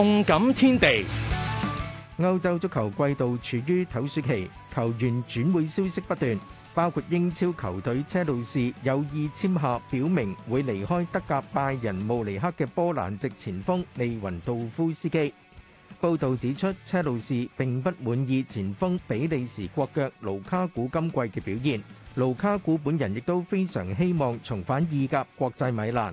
動感天地，歐洲足球季度處於唞暑期，球員轉會消息不斷，包括英超球隊車路士有意簽下，表明會離開德甲拜仁慕尼黑嘅波蘭籍前鋒利雲道夫斯基。報道指出，車路士並不滿意前鋒比利時國腳盧卡古今季嘅表現，盧卡古本人亦都非常希望重返意甲國際米蘭。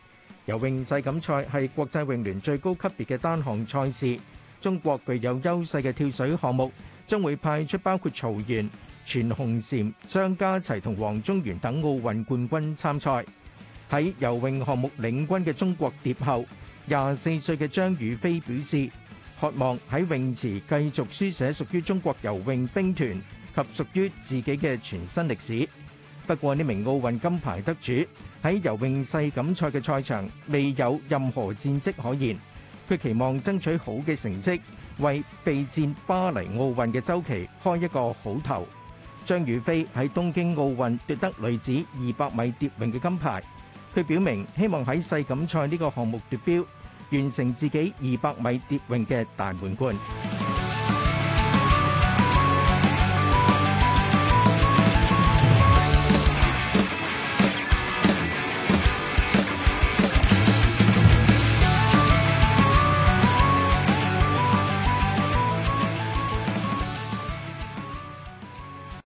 游泳世錦賽係國際泳聯最高級別嘅單項賽事，中國具有優勢嘅跳水項目將會派出包括曹緣、全紅嬋、張家齊同王宗源等奧運冠軍參賽。喺游泳項目領軍嘅中國蝶后廿四歲嘅張雨霏表示，渴望喺泳池繼續書寫屬於中國游泳兵團及屬於自己嘅全新歷史。不過，呢名奧運金牌得主喺游泳世錦賽嘅賽場未有任何戰績可言，佢期望爭取好嘅成績，為備戰巴黎奧運嘅周期開一個好頭。張雨霏喺東京奧運奪得女子二百米蝶泳嘅金牌，佢表明希望喺世錦賽呢個項目奪標，完成自己二百米蝶泳嘅大滿貫。